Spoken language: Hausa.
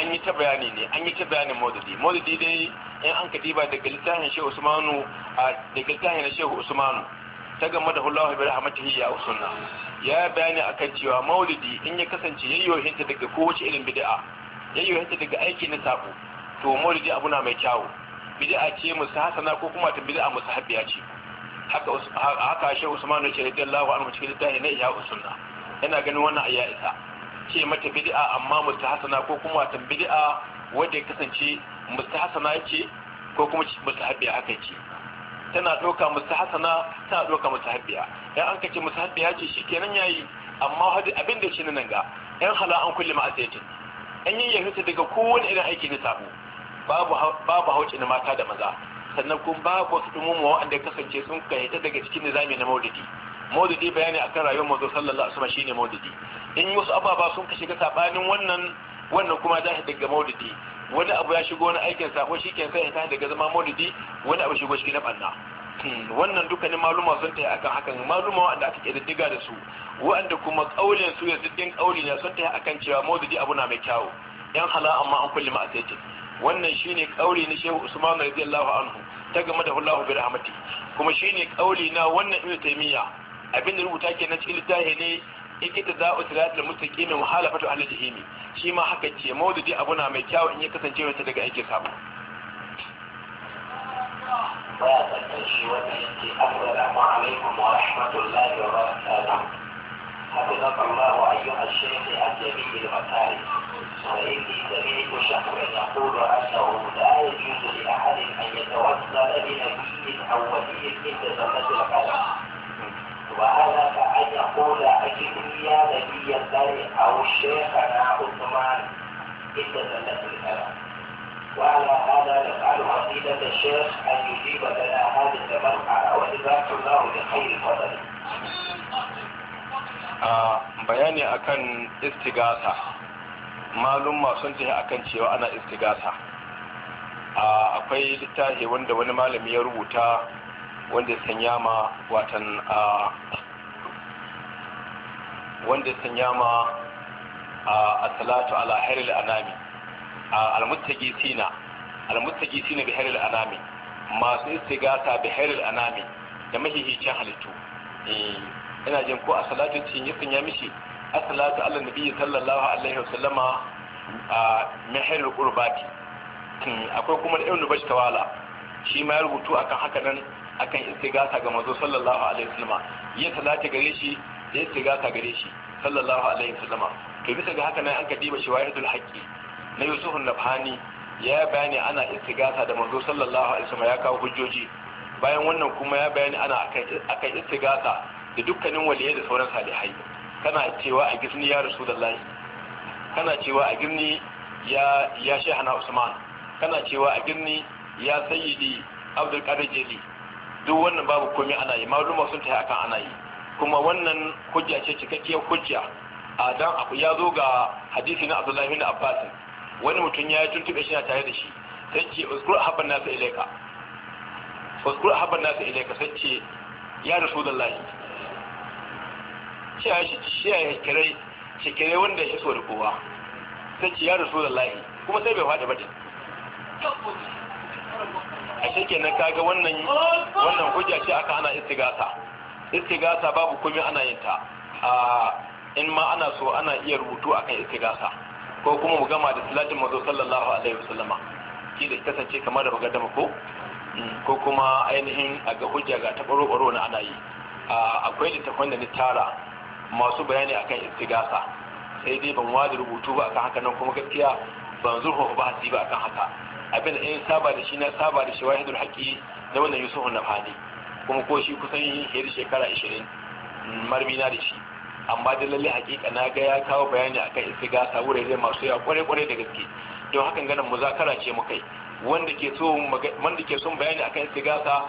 an yi ta bayani ne an yi ta bayani maududi maududi dai in an ka diba daga littafin shehu usmanu a daga littafin na shehu usmanu ta game da hullahu bi rahmatihi ya usunna ya bayani akan cewa maulidi in ya kasance yayyohinta daga kowace irin bid'a yayyohinta daga aiki na sabo to maulidi abu na mai kyawu bid'a ce musu hasana ko kuma ta bid'a musu Habiya ce haka haka shehu usmanu ya ce radiyallahu anhu cikin littafin na iya usunna yana ganin wannan ayya isa ce mata bid'a amma mustahasana ko kuma watan bid'a wanda ya kasance mustahasana ce ko kuma mustahabbiya haka ce tana ɗauka mustahasana tana ɗauka mustahabbiya ya an kace mustahabbiya ce shikenan yayi amma hadi abin da shi nan ga yan hala an kulli ma'asiyatin an yi yahuta daga kowane irin aiki na sabo babu babu hauci na mata da maza sannan kuma babu wasu dumumuwa wanda kasance sun kayyata daga cikin nizami na maulidi maulidi bayani akan rayuwar mazo sallallahu alaihi wasallam shine maulidi in wasu ababa sun ka shiga sabanin wannan wannan kuma za daga maulidi wani abu ya shigo wani aikin sako shi ke sai ya daga zama maulidi wani abu shigo shi na banna hmm, wannan dukkanin maluma sun taya akan hakan maluma wanda aka kididdiga da su wanda kuma kaulin su ya ziddin kauli ne sun taya akan cewa maulidi abu na mai kyawu yan hala amma an kulli ma'asaitin wannan shine kauli na shehu usman radiyallahu anhu ta game da Allahu bi rahmati kuma shine kauli na wannan ibnu taymiya abin da rubuta ke cikin littafi ne ikita za a tsira da mutaki mai muhalafatu ahli jahimi shi ma haka ce maududi abu na mai kyawu in ya kasance wata daga aikin sabo baya وأنا كأن يقول أجبني يا نبي الله أو شيخنا عثمان استدلت الكلام وعلى هذا نفعل قصيدة الشيخ أن يجيب لنا هذا المرحلة وجزاك الله بخير فضل bayani akan istigasa malum sun tafi akan cewa ana istigasa akwai littafi wanda wani malami ya rubuta wanda ya sanya ma watan a wanda ya sanya ma a salatu ala haril anami almuttaki sina almuttaki sina bi haril anami masu istigata bi haril anami da mahihicin halittu eh, ina jin ko a salatu cin ya sanya mishi a salatu ala nabi sallallahu alaihi wasallama a mihirul qurbati hmm, akwai kuma da ibnu bajtawala shi ma ya rubutu akan haka nan akan istigasa ga mazo sallallahu alaihi wasallam ya salati gare shi ya istigasa gare shi sallallahu alaihi wasallam to bisa ga haka nan an kadiba shawahidul haqqi na Yusuf nabhani ya bayani ana istigasa da mazo sallallahu alaihi wasallam ya kawo hujjoji bayan wannan kuma ya bayani ana akan istigasa da dukkanin waliyai da sauran salihai kana cewa a gifni ya rasulullahi kana cewa a girni ya ya shehana usman kana cewa a girni ya sayyidi abdul qadir jeli duk wannan babu komai ana yi maluma sun ta akan ana yi kuma wannan hujja ce cikakkiyar hujja a dan abu ya zo ga hadisi na Abdullahi bin Abbas wani mutum ya yi tuntube shi na tare da shi sai ce uskur habban nasu ilaika uskur habban nasu ilaika sai ce ya rasulullahi shi ya shi ya kire shi kire wanda ya so da kowa sai ce ya rasulullahi kuma sai bai faɗi ba din a shirke nan kaga wannan wannan hujja ce aka ana istigasa istigasa babu komai ana yin ta a in ma ana so ana iya rubutu akan istigasa ko kuma mu gama da salatin mazo sallallahu alaihi wasallama ki da kasance kamar da dama ko mm, ko kuma ainihin a ga hujja ga taɓaro na ana yi akwai littafin da ni tara masu bayani akan istigasa sai dai ban wada rubutu ba akan haka nan kuma gaskiya ban zurfa ba hasi ba akan haka abin da in saba da shi na saba da shawahidul haƙi da wannan yusuf na fadi kuma ko shi kusan yadda shekara 20 mm, marmina da shi amma da lalle haƙiƙa na ga ya kawo bayani akan istigasa wurare masu yawa kware kware da gaske don hakan ganin muzakara ce mu kai wanda ke so bayani a son bayani akan sigasa